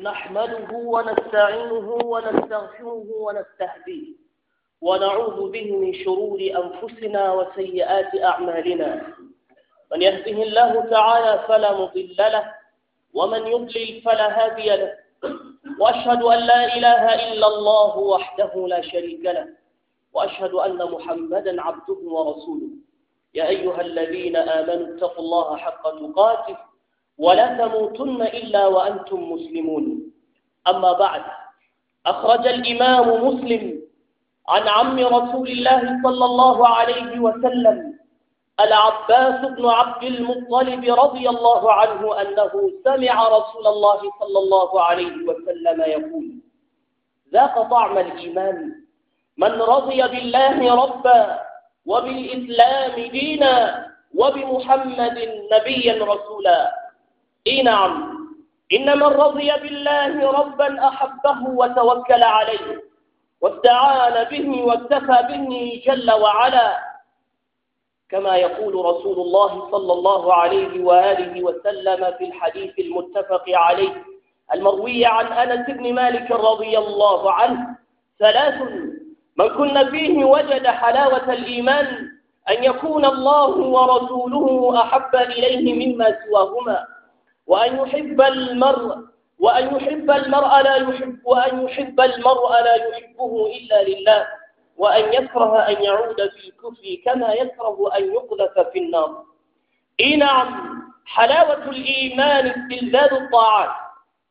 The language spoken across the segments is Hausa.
نحمده ونستعينه ونستغفره ونستهديه ونعوذ به من شرور أنفسنا وسيئات أعمالنا من يهده الله تعالى فلا مضل له ومن يضلل فلا هادي له وأشهد أن لا إله إلا الله وحده لا شريك له وأشهد أن محمدا عبده ورسوله يا أيها الذين آمنوا اتقوا الله حق تقاته ولا تموتن إلا وأنتم مسلمون أما بعد أخرج الإمام مسلم عن عم رسول الله صلى الله عليه وسلم العباس بن عبد المطلب رضي الله عنه أنه سمع رسول الله صلى الله عليه وسلم يقول ذاق طعم الإيمان من رضي بالله ربا وبالإسلام دينا وبمحمد نبيا رسولا اي نعم إن من رضي بالله ربا أحبه وتوكل عليه واستعان به واكتفى به جل وعلا كما يقول رسول الله صلى الله عليه وآله وسلم في الحديث المتفق عليه المروي عن أنس بن مالك رضي الله عنه ثلاث من كن فيه وجد حلاوة الإيمان أن يكون الله ورسوله أحب إليه مما سواهما وأن يحب المرء وأن يحب المرء لا يحب وأن يحب المرء لا يحبه إلا لله وأن يكره أن يعود في الكفر كما يكره أن يقذف في النار إي نعم حلاوة الإيمان استلذاذ الطاعات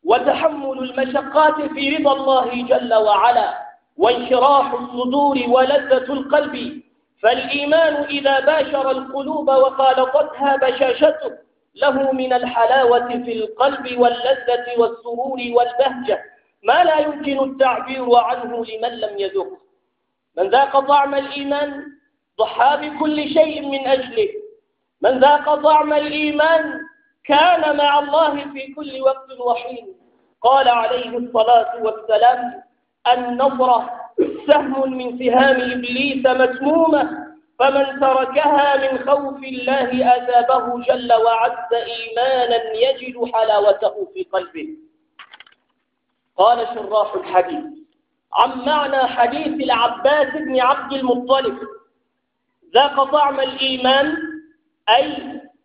وتحمل المشقات في رضا الله جل وعلا وانشراح الصدور ولذة القلب فالإيمان إذا باشر القلوب وخالطتها بشاشته له من الحلاوة في القلب واللذة والسرور والبهجة ما لا يمكن التعبير عنه لمن لم يذق من ذاق طعم الإيمان ضحى بكل شيء من أجله من ذاق طعم الإيمان كان مع الله في كل وقت وحين قال عليه الصلاة والسلام النظرة سهم من سهام إبليس مسمومة فمن تركها من خوف الله أذابه جل وعز إيمانا يجد حلاوته في قلبه قال شراح الحديث عن معنى حديث العباس بن عبد المطلب ذاق طعم الإيمان أي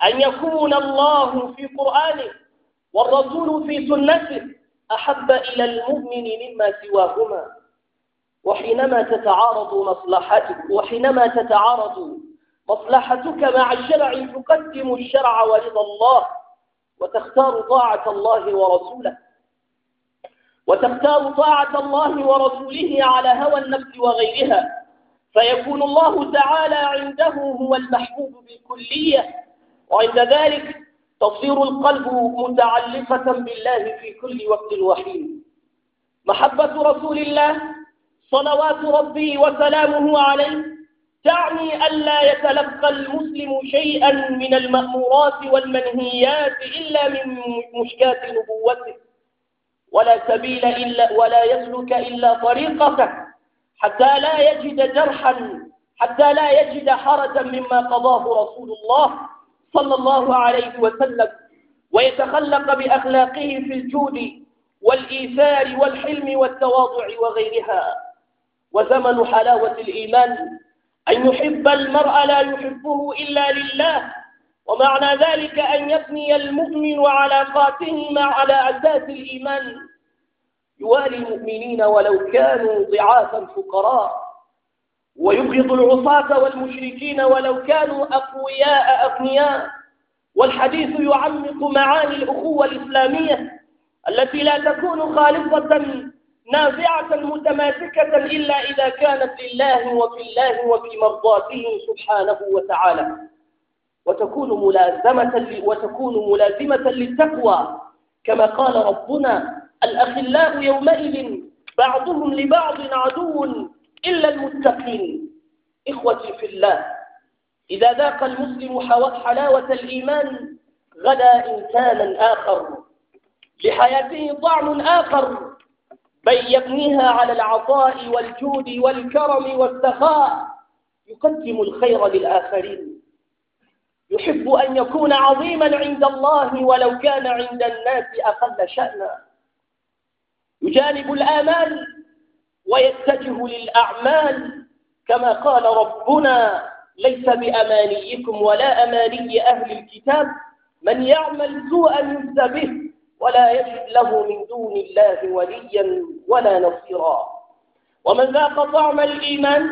أن يكون الله في قرآنه والرسول في سنته أحب إلى المؤمن مما سواهما وحينما تتعارض مصلحتك وحينما تتعارض مصلحتك مع الشرع تقدم الشرع ورضا الله وتختار طاعة الله ورسوله وتختار طاعة الله ورسوله على هوى النفس وغيرها فيكون الله تعالى عنده هو المحبوب بالكلية وعند ذلك تصير القلب متعلقة بالله في كل وقت وحين محبة رسول الله صلوات ربي وسلامه عليه تعني ألا يتلقى المسلم شيئا من المأمورات والمنهيات إلا من مشكاة نبوته ولا سبيل إلا ولا يسلك إلا طريقته حتى لا يجد جرحا حتى لا يجد حرجا مما قضاه رسول الله صلى الله عليه وسلم ويتخلق بأخلاقه في الجود والإيثار والحلم والتواضع وغيرها وثمن حلاوة الإيمان أن يحب المرء لا يحبه إلا لله ومعنى ذلك أن يبني المؤمن علاقاته مع على أساس الإيمان يوالي المؤمنين ولو كانوا ضعافا فقراء ويبغض العصاة والمشركين ولو كانوا أقوياء أغنياء والحديث يعمق معاني الأخوة الإسلامية التي لا تكون خالصة نازعة متماسكة إلا إذا كانت لله وفي الله وفي مرضاته سبحانه وتعالى وتكون ملازمة وتكون ملازمة للتقوى كما قال ربنا الأخلاء يومئذ بعضهم لبعض عدو إلا المتقين إخوتي في الله إذا ذاق المسلم حلاوة الإيمان غدا إنسانا آخر لحياته طعم آخر يبنيها على العطاء والجود والكرم والسخاء يقدم الخير للآخرين يحب أن يكون عظيما عند الله ولو كان عند الناس أقل شأنا يجانب الآمال ويتجه للأعمال كما قال ربنا ليس بأمانيكم ولا أماني أهل الكتاب من يعمل سوءا يجز به ولا يجد له من دون الله وليا ولا نصيرا ومن ذاق طعم الإيمان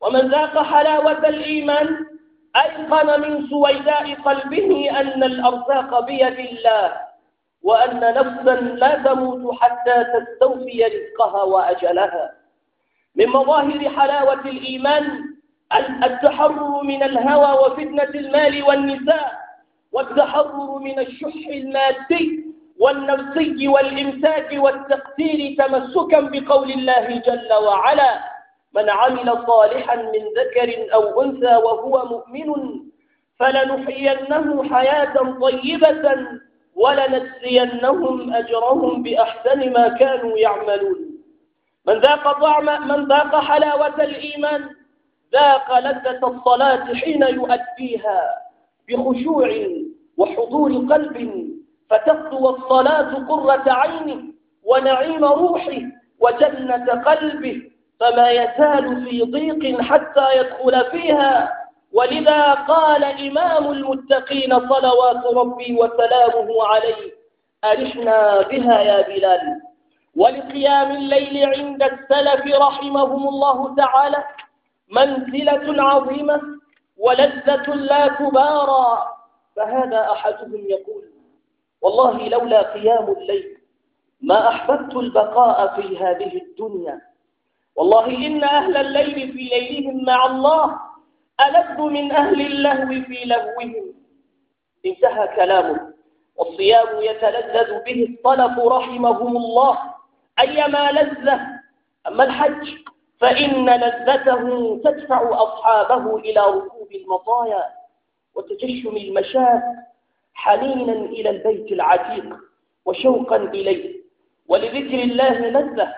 ومن ذاق حلاوة الإيمان أيقن من سويداء قلبه أن الأرزاق بيد الله وأن نفسا لا تموت حتى تستوفي رزقها وأجلها من مظاهر حلاوة الإيمان التحرر من الهوى وفتنة المال والنساء والتحرر من الشح المادي والنفسي والإمساك والتقتير تمسكا بقول الله جل وعلا من عمل صالحا من ذكر أو أنثى وهو مؤمن فلنحيينه حياة طيبة ولنجزينهم أجرهم بأحسن ما كانوا يعملون من ذاق طعم من ذاق حلاوة الإيمان ذاق لذة الصلاة حين يؤديها بخشوع وحضور قلب فتقضو الصلاة قرة عينه ونعيم روحه وجنة قلبه فما يزال في ضيق حتى يدخل فيها ولذا قال إمام المتقين صلوات ربي وسلامه عليه أرحنا بها يا بلال ولقيام الليل عند السلف رحمهم الله تعالى منزلة عظيمة ولذة لا تبارى فهذا أحدهم يقول والله لولا قيام الليل ما أحببت البقاء في هذه الدنيا والله إن أهل الليل في ليلهم مع الله ألذ من أهل اللهو في لهوهم انتهى كلامه والصيام يتلذذ به الطلف رحمهم الله أيما لذة أما الحج فإن لذته تدفع أصحابه إلى ركوب المطايا وتجشم المشاك حنينا إلى البيت العتيق وشوقا إليه ولذكر الله لذة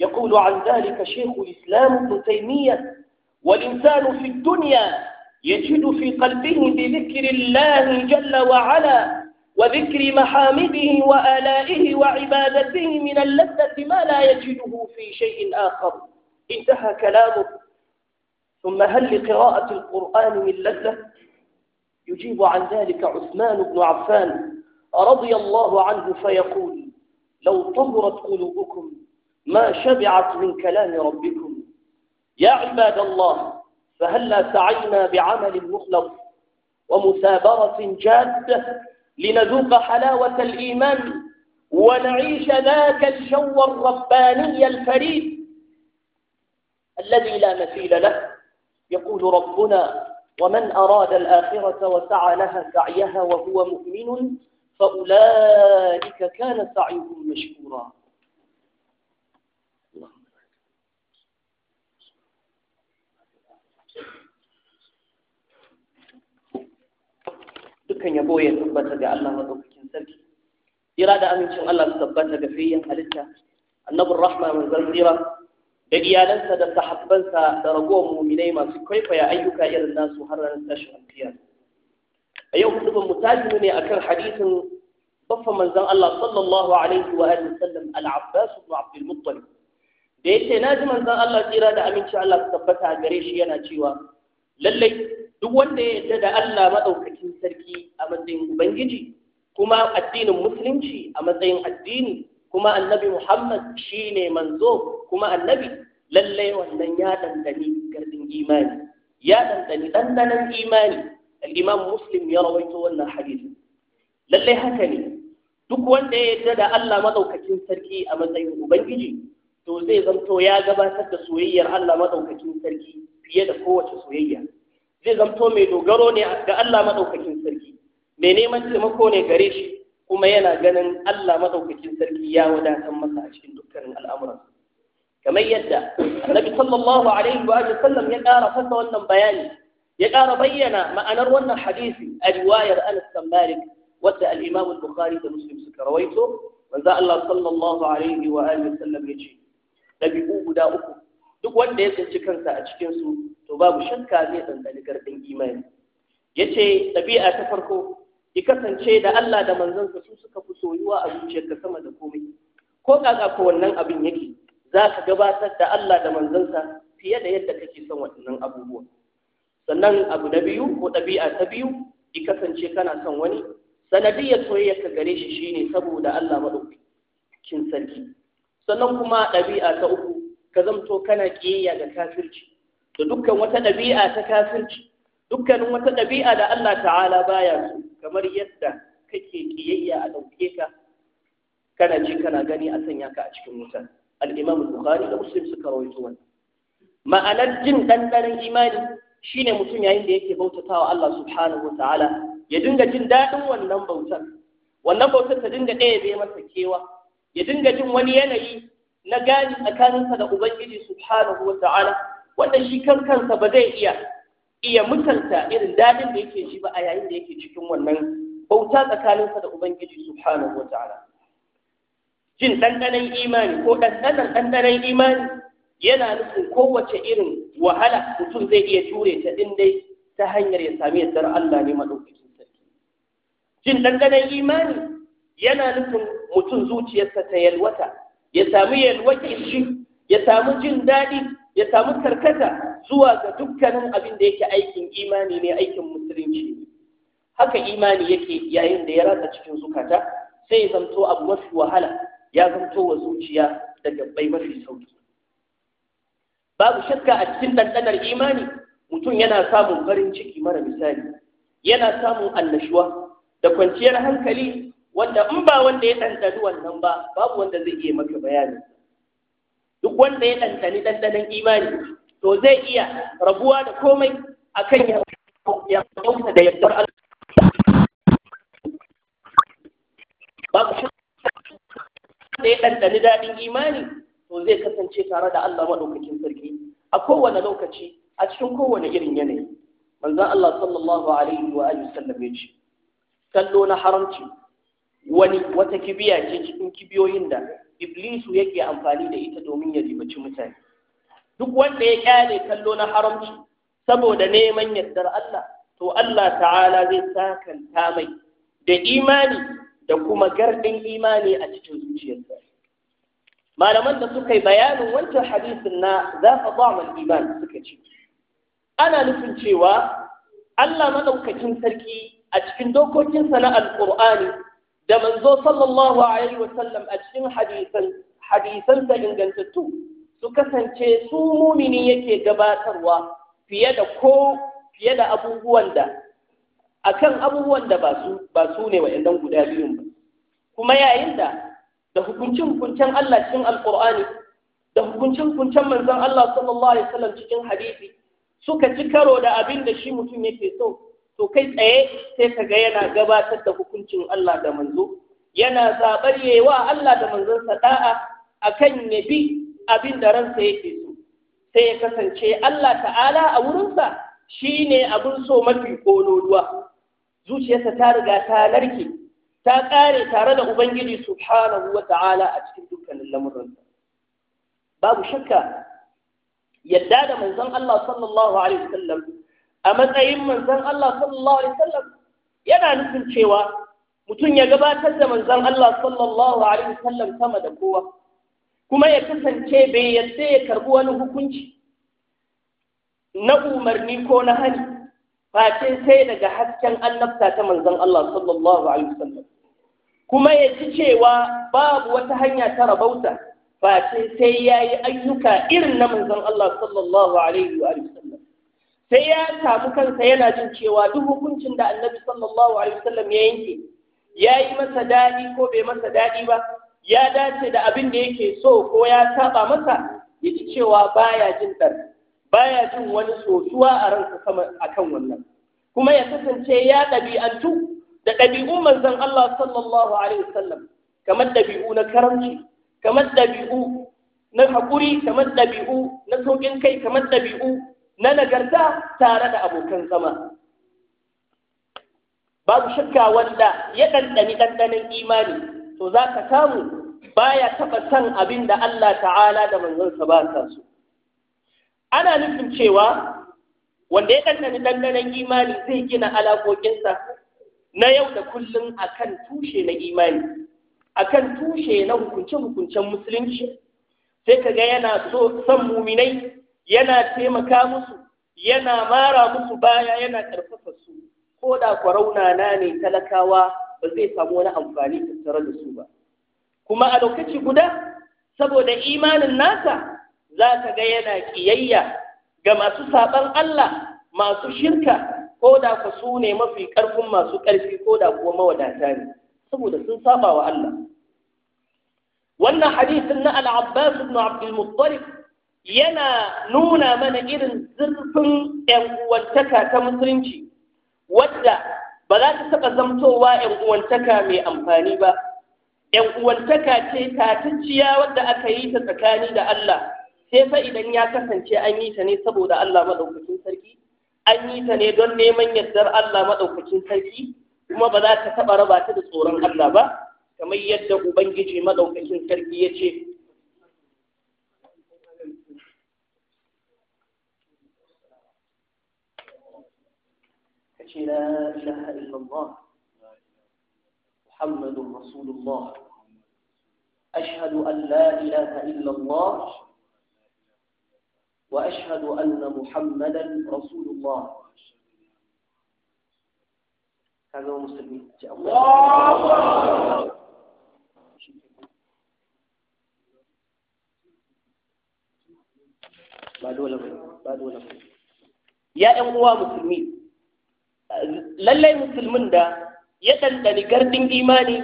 يقول عن ذلك شيخ الإسلام ابن تيمية والإنسان في الدنيا يجد في قلبه بذكر الله جل وعلا وذكر محامده وآلائه وعبادته من اللذة ما لا يجده في شيء آخر انتهى كلامه ثم هل لقراءة القرآن من لذة يجيب عن ذلك عثمان بن عفان رضي الله عنه فيقول لو طمرت قلوبكم ما شبعت من كلام ربكم يا عباد الله فهلا سعينا بعمل مخلص ومثابرة جادة لنذوق حلاوة الإيمان ونعيش ذاك الجو الرباني الفريد الذي لا مثيل له يقول ربنا ومن أراد الآخرة وسعى لها سعيها وهو مؤمن فأولئك كان سعيهم مشكورا dukkan yabo ya tabbata ga Allah madaukakin sarki jira da amincin Allah su tabbata ga fiyayyen halitta annabin rahma mai zan da iyalansa da sahabbansa da ragowar muminai masu kwaikwaya ayyuka irin nasu har ranar tashin alkiyar a yau mu mutaji ne akan hadisin baffan manzon Allah sallallahu alaihi wa alihi sallam al-Abbas ibn Abdul Muttalib da yace naji manzon Allah tsira da aminci Allah su tabbata gare shi yana cewa lallai duk wanda ya yarda da Allah madaukakin sarki a matsayin ubangiji kuma addinin musulunci a matsayin addini kuma annabi Muhammad shine manzo kuma annabi lallai wannan ya dandani gardin imani ya dandani dandanan imani al-Imam Muslim ya rawaito wannan hadisi Lallai haka ne duk wanda ya yarda da Allah madaukakin sarki a matsayin ubangiji to zai zanto ya gabatar da soyayyar Allah madaukakin sarki fiye da kowace soyayya zai zanto mai dogaro ne ga Allah madaukakin sarki mai neman taimako ne gare shi kuma yana ganin Allah madaukakin sarki ya wadatar masa a cikin dukkanin al'amuran kamar yadda annabi sallallahu alaihi wa sallam ya ƙara fasa wannan bayani ya ƙara bayyana ma'anar wannan hadisi a riwayar Anas bin Malik al-Imam bukhari da Muslim suka rawaito manzo Allah sallallahu alaihi wa sallam ya ce Ɗabi'u guda uku duk wanda ya tsinci kansa a cikin su to babu shakka zai dandani gardin imani ce ɗabi'a ta farko ya kasance da Allah da manzansa su suka fi soyuwa a zuciyarka sama da komai ko kaka ko wannan abin yake za ka gabatar da Allah da manzansa fiye da yadda kake son waɗannan abubuwan sannan abu na biyu ko ɗabi'a ta biyu ki kasance kana son wani sanadiyar soyayya ka gare shi shine saboda Allah cikin sarki sannan kuma ɗabi'a ta uku ka zamto kana ƙiyayya ga kafirci da dukkan wata ɗabi'a ta kafirci dukkanin wata ɗabi'a da Allah ta'ala baya so kamar yadda kake kiyayya a ɗauke ka kana ji kana gani a sanya ka a cikin wuta al-imam bukhari da muslim suka rawaito wannan ma'anar jin ɗanɗanon imani shine mutum yayin da yake bautatawa Allah subhanahu wataala ya dinga jin daɗin wannan bautar wannan bautar ta dinga ɗaya bai masa kewa ya dinga jin wani yanayi na gani tsakaninsa da ubangiji subhanahu wataala wanda shi kan ba zai iya iya mutunta irin dadin da yake shi ba a yayin da yake cikin wannan bauta tsakaninsa da ubangiji subhanahu wa ta'ala jin ɗanɗanon imani ko ɗanɗanon ɗanɗanon imani yana nufin kowace irin wahala mutum zai iya jure ta ɗin dai ta hanyar ya sami yardar Allah ne maɗaukakin sarki jin ɗanɗanon imani yana nufin mutum zuciyarsa ta yalwata ya sami yalwatar shi ya samu jin daɗi ya samu karkata zuwa ga dukkanin abin da yake aikin imani ne aikin musulunci haka imani yake yayin da ya rasa cikin zukata sai ya zanto abu mafi wahala ya zanto wa zuciya da gabbai mafi sauki babu shakka a cikin ɗanɗanar imani mutum yana samun farin ciki mara misali yana samun annashuwa da kwanciyar hankali wanda in ba wanda ya ɗanɗani wannan ba babu wanda zai iya maka bayani duk wanda ya ɗanɗani ɗanɗanon imani to zai iya rabuwa da komai akan ya yauta da yardar Allah ya ɗanɗani daɗin imani to zai kasance tare da Allah maɗaukakin sarki a kowane lokaci a cikin kowane irin yanayi Manzan Allah sallallahu alaihi wa Alaihi sallam ya ce kallo na haramci wani wata kibiya ce cikin kibiyoyin da iblisu yake amfani da ita domin ya ribaci mutane duk wanda ya kyale kallo na haramci saboda neman yardar Allah to Allah ta'ala zai sakanta mai da imani da kuma gardin imani a cikin zuciyarsa malaman da suka yi bayanin wancan hadisin na za ka ba iman suka ce ana nufin cewa Allah madaukakin sarki a cikin dokokinsa na alƙur'ani da manzo sallallahu alaihi sallam a cikin hadisan hadisan da ingantattu su kasance su mumini yake gabatarwa fiye da ko fiye da abubuwan da akan abubuwan da ba su ba su ne wayannan guda biyun ba kuma yayin da da hukuncin hukuncin Allah cikin alqur'ani da hukuncin hukuncin manzon Allah sallallahu alaihi wasallam cikin hadisi suka ci karo da abin da shi mutum yake so to kai tsaye sai ka ga yana gabatar da hukuncin Allah da manzo yana zaɓar yewa Allah da manzonsa da'a akan ya bi abin da ransa yake so sai ya kasance Allah ta'ala a wurinsa shine abun so mafi kololuwa zuciyarsa ta riga ta narke ta ƙare tare da ubangiji subhanahu wa ta'ala a cikin dukkanin lamuransa babu shakka yadda da manzon Allah sallallahu alaihi wasallam a matsayin manzan Allah sallallahu alaihi wasallam yana nufin cewa mutum ya gabatar da manzan Allah sallallahu alaihi wasallam sama da kowa kuma ya kasance bai yadda ya karbi wani hukunci na umarni ko na hani face sai daga hasken annabta ta manzan Allah sallallahu alaihi wasallam kuma ya ci cewa babu wata hanya ta rabauta face sai ya yi ayyuka irin na manzan Allah sallallahu alaihi wa sallam sai ya samu kansa yana jin cewa duk hukuncin da annabi sallallahu alaihi wasallam ya yanke ya yi masa daɗi ko bai masa daɗi ba ya dace da abin da yake so ko ya saba masa ya ji cewa baya jin ɗan baya jin wani sosuwa a ransa sama akan wannan kuma ya kasance ya ɗabi'antu da ɗabi'un manzon Allah sallallahu alaihi wasallam kamar ɗabi'u na karamci kamar ɗabi'u na haƙuri kamar ɗabi'u na sauƙin kai kamar ɗabi'u na nagarta tare da abokan zama babu shakka wanda ya ɗanɗani ɗanɗanin imani to za ka samu baya taɓa san abin da Allah ta'ala da manzansa ba sa so ana nufin cewa wanda ya ɗanɗani ɗanɗanin imani zai gina alaƙoƙinsa na yau da kullum akan tushe na imani akan tushe na hukunce-hukuncen musulunci sai ka ga yana son muminai yana taimaka musu yana mara musu baya yana ƙarfafa su ko da kwarauna na ne talakawa ba zai samu wani amfani tattare da su ba kuma a lokaci guda saboda imanin nasa za ka ga yana ƙiyayya ga masu saɓan Allah masu shirka ko da ku su ne mafi ƙarfin masu ƙarfi ko da kuwa mawadata ne saboda sun saba wa Allah wannan hadisin na al-Abbas ibn Abdul yana nuna mana irin zurfin uwantaka ta musulunci wadda ba za ta taɓa zamtowa uwantaka mai amfani ba uwantaka ce tatacciya wadda aka yi ta tsakani da Allah sai fa idan ya kasance an yi ta ne saboda Allah maɗaukacin sarki an yi ta ne don neman yardar Allah maɗaukacin sarki kuma ba za ta taɓa raba ta da tsoron Allah ba kamar yadda Ubangiji maɗaukacin sarki ya ce شيء لا إله إلا الله محمد رسول الله أشهد أن لا إله إلا الله وأشهد أن محمدا رسول الله هذا هو مسلمين الله بعد ولا بعد ولا يا أموا مسلمين lallai musulmin da ya ɗanɗani gardin imani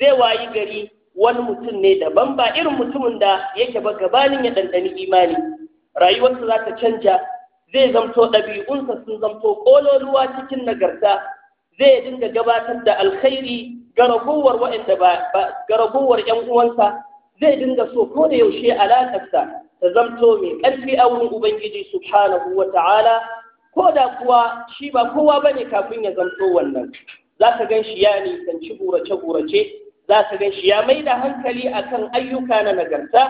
zai wayi gari wani mutum ne daban ba irin mutumin da yake ba gabanin ya ɗanɗani imani rayuwarsa za ta canja zai zamto ɗabi'unsa sun zamto ƙololuwa cikin nagarta zai dinga gabatar da alkhairi ga ragowar ƴan uwansa zai dinga so ko da yaushe alaƙarsa ta zamto mai ƙarfi a wurin ubangiji subhanahu wa ta'ala ko da kuwa shi ba kowa ba ne kafin ya zanto wannan za ka gan shi ya nisanci burace-burace za ka gan shi ya mai da hankali a kan ayyuka na nagarta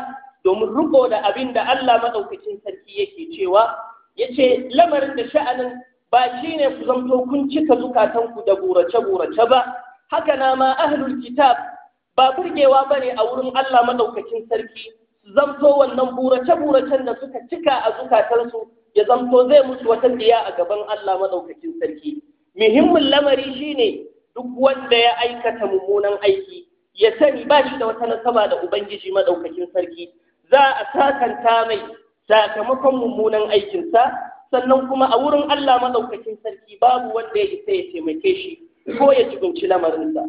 domin riko da abin da Allah maɗaukacin sarki yake cewa ya ce lamarin da sha'anin ba shi ne ku zanto kun cika zukatanku da burace-burace ba haka na ma ahlul kitab ba burgewa ba ne a wurin Allah maɗaukacin sarki su zanto wannan burace-buracen da suka cika a zukatansu ya zanto zai mutu wata tsiya a gaban Allah maɗaukakin sarki muhimmin lamari shine duk wanda ya aikata mummunan aiki ya sani ba shi da wata nasaba da ubangiji maɗaukakin sarki za a sakanta mai sakamakon mummunan aikinsa sannan kuma a wurin Allah maɗaukakin sarki babu wanda ya isa ya taimake shi ko ya jibinci lamarinsa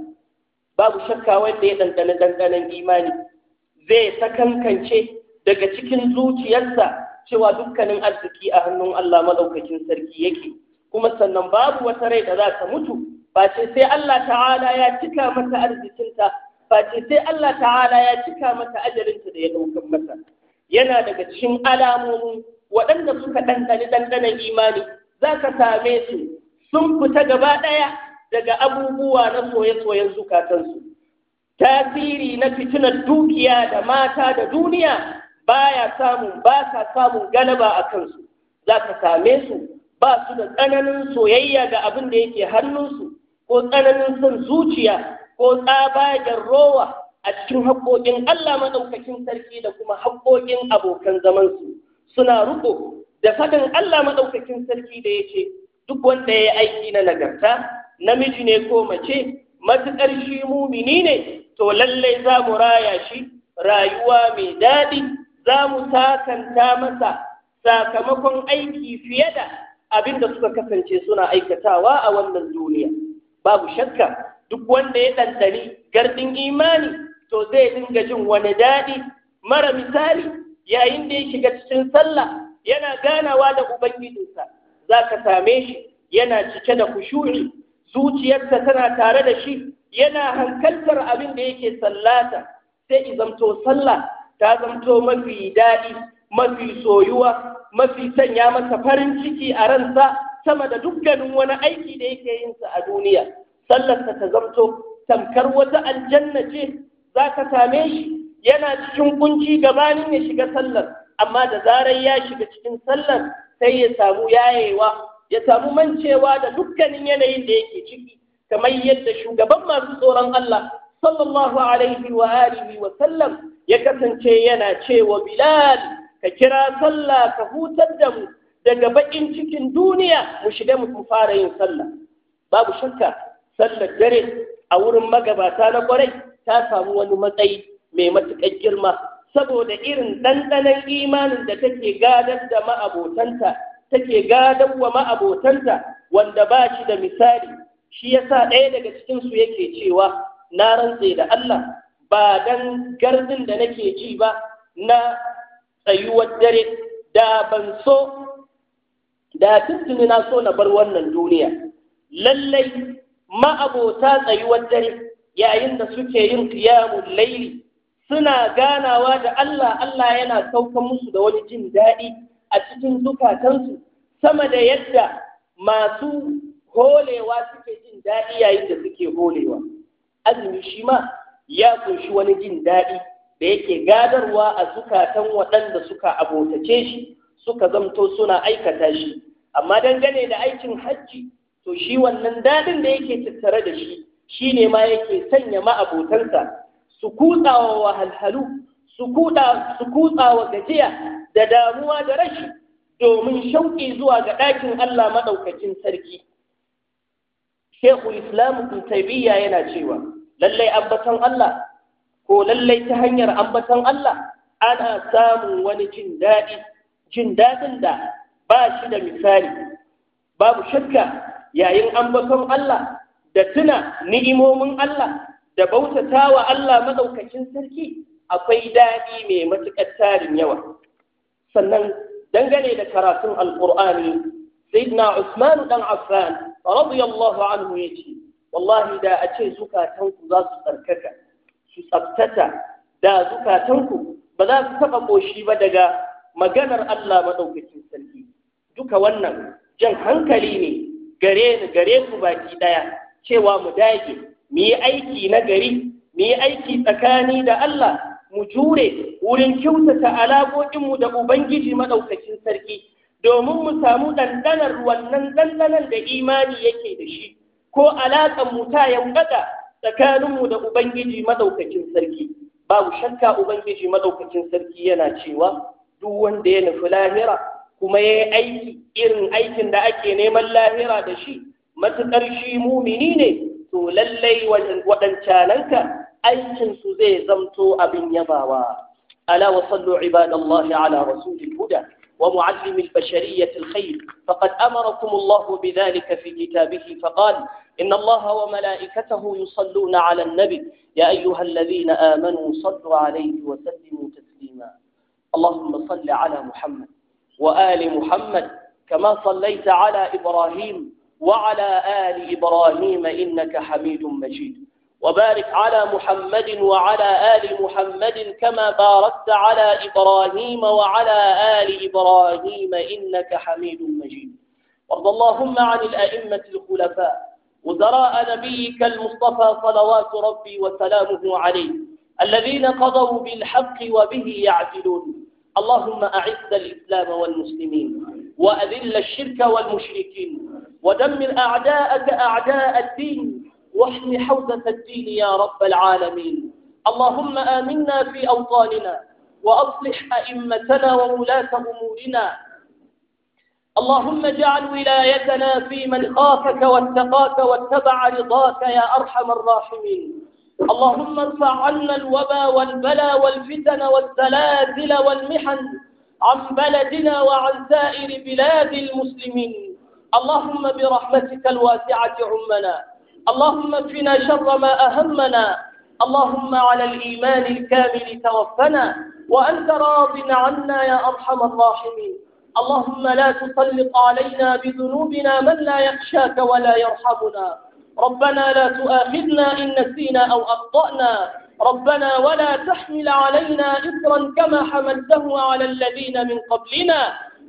babu shakka wanda ya ɗanɗana ɗanɗanan imani zai sakankance daga cikin zuciyarsa cewa dukkanin arziki a hannun Allah madaukakin sarki yake kuma sannan babu wata rai da za ta mutu ba ce sai Allah ta'ala ya cika mata arzikinta ba ce sai Allah ta'ala ya cika mata ajalinta da ya daukan mata yana daga cikin alamomi waɗanda suka ɗanɗani ɗanɗanon imani za ka same su sun fita gaba ɗaya daga abubuwa na soye-soyen zukatansu tasiri na fitinar dukiya da mata da duniya Ba ya samun ba sa samun galaba a kansu za ka same su ba su da tsananin soyayya ga abin da yake hannunsu ko tsananin son zuciya ko tsabagen rowa a cikin haƙoƙin Allah maɗaukakin sarki da kuma haƙoƙin abokan zamansu suna riƙo da faɗin Allah maɗaukakin sarki da ya ce duk wanda ya yi aiki na nagarta namiji ne ko mace matuƙar shi mumini ne to lallai za mu raya shi rayuwa mai daɗi za mu sakanta masa sakamakon aiki fiye da abin da suka kasance suna aikatawa a wannan duniya babu shakka duk wanda ya ɗanɗani garɗin imani to zai dinga jin wani daɗi mara misali yayin da ya shiga cikin sallah yana ganawa da ubangijinsa za ka same shi yana cike da kushuri zuciyarsa tana tare da shi yana hankaltar abin da yake sallata sai izamto sallah ta zamto mafi daɗi mafi soyuwa mafi sanya masa farin ciki a ransa sama da dukkanin wani aiki da yake yin sa a duniya sallarsa ta zamto tamkar wata aljanna ce za ka same shi yana cikin kunci gabanin ya shiga sallar amma da zarar ya shiga cikin sallar sai ya samu yayewa ya samu mancewa da dukkanin yanayin da yake ciki kamar yadda shugaban masu tsoron Allah sallallahu alaihi wa alihi wa sallam ya kasance yana cewa bilal ka kira sallah ka hutar da mu daga bakin cikin duniya mu shiga mu fara yin sallah babu shakka sallar dare a wurin magabata na kwarai ta samu wani matsayi mai matuƙar girma saboda irin ɗanɗanon imanin da take gadar da ma'abotanta take gadar wa ma'abotanta wanda ba shi da misali shi yasa ɗaya daga cikinsu yake cewa na rantse da Allah ba dan gardin da nake ji ba na tsayuwar dare da ban so da tuntuni na so na bar wannan duniya lallai ma'abota tsayuwar dare yayin da suke yin qiyamul layli suna ganawa da Allah Allah yana saukar musu da wani jin daɗi a cikin zukatansu sama da yadda masu holewa suke jin daɗi yayin da suke holewa azumi shi ma ya kunshi wani jin daɗi da yake gadarwa a zukatan waɗanda suka abotace shi suka zamto suna aikata shi amma dangane da aikin hajji to shi wannan daɗin da yake tattare da shi shi ne ma yake sanya ma'abotansa su kutsawa wahalhalu su kutsawa gajiya da damuwa da rashi domin shauƙi zuwa ga ɗakin Allah maɗaukacin sarki. Shekul Islam yana cewa, lallai ambatan Allah ko lallai ta hanyar ambatan Allah ana samun wani jin daɗi jin daɗin da ba shi da misali babu shakka yayin ambaton Allah da tuna ni'imomin Allah da bautata wa Allah madaukakin sarki akwai daɗi mai matuƙar tarin yawa sannan dangane da karatun alƙur'ani sayyidina Usman dan Affan radiyallahu anhu yace wallahi da a ce zukatanku za su tsarkaka su tsabtata, da zukatanku ba za su taɓa ƙoshi ba daga maganar Allah Maɗaukakin sarki duka wannan jan hankali ne gare ni gare ku baki ɗaya cewa mu dage mu yi aiki na gari mu yi aiki tsakani da Allah mu jure wurin kyautata alaƙoƙinmu da Ubangiji maɗaukacin sarki domin mu samu ɗanɗanar wannan ɗanɗanar da imani yake da shi ko alaƙar ta yaudada tsakaninmu da ubangiji madaukakin sarki babu shakka ubangiji madaukakin sarki yana cewa duk wanda ya nufi lahira kuma ya yi aiki irin aikin da ake neman lahira da shi matuƙar shi mumini ne to lallai waɗancananka aikinsu zai zamto abin yabawa ala wa sallu ibadallahi ala rasulil huda ومعلم البشرية الخير فقد أمركم الله بذلك في كتابه فقال إن الله وملائكته يصلون على النبي يا أيها الذين آمنوا صلوا عليه وسلموا تسليما اللهم صل على محمد وآل محمد كما صليت على إبراهيم وعلى آل إبراهيم إنك حميد مجيد وبارك على محمد وعلى آل محمد كما باركت على إبراهيم وعلى آل إبراهيم إنك حميد مجيد وارض اللهم عن الأئمة الخلفاء وزراء نبيك المصطفى صلوات ربي وسلامه عليه الذين قضوا بالحق وبه يعدلون اللهم أعز الإسلام والمسلمين وأذل الشرك والمشركين ودمر أعداءك أعداء الدين واحم حوزة الدين يا رب العالمين اللهم آمنا في أوطاننا وأصلح أئمتنا وولاة أمورنا اللهم اجعل ولايتنا في من خافك واتقاك واتبع رضاك يا أرحم الراحمين اللهم ارفع عنا الوبا والبلا والفتن والزلازل والمحن عن بلدنا وعن سائر بلاد المسلمين اللهم برحمتك الواسعة عمنا اللهم اكفنا شر ما أهمنا اللهم على الإيمان الكامل توفنا وأنت راض عنا يا أرحم الراحمين اللهم لا تسلط علينا بذنوبنا من لا يخشاك ولا يرحمنا ربنا لا تؤاخذنا إن نسينا أو أخطأنا ربنا ولا تحمل علينا إثرا كما حملته على الذين من قبلنا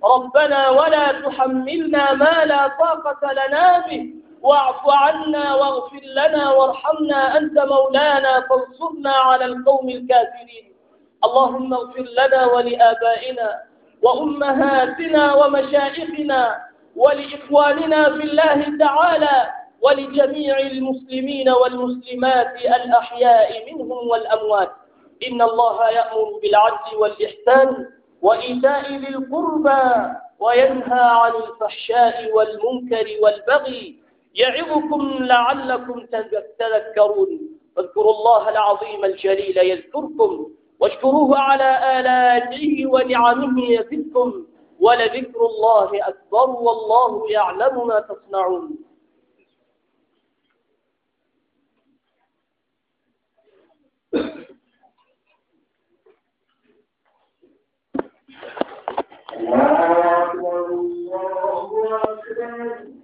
ربنا ولا تحملنا ما لا طاقة لنا به واعف عنا واغفر لنا وارحمنا أنت مولانا فانصرنا على القوم الكافرين اللهم اغفر لنا ولآبائنا وأمهاتنا ومشائخنا ولإخواننا في الله تعالى ولجميع المسلمين والمسلمات الأحياء منهم والأموات إن الله يأمر بالعدل والإحسان وإيتاء ذي القربى وينهى عن الفحشاء والمنكر والبغي يعظكم لعلكم تذكرون فاذكروا الله العظيم الجليل يذكركم واشكروه على آلاته ونعمه يزدكم ولذكر الله أكبر والله يعلم ما تصنعون الله أكبر الله أكبر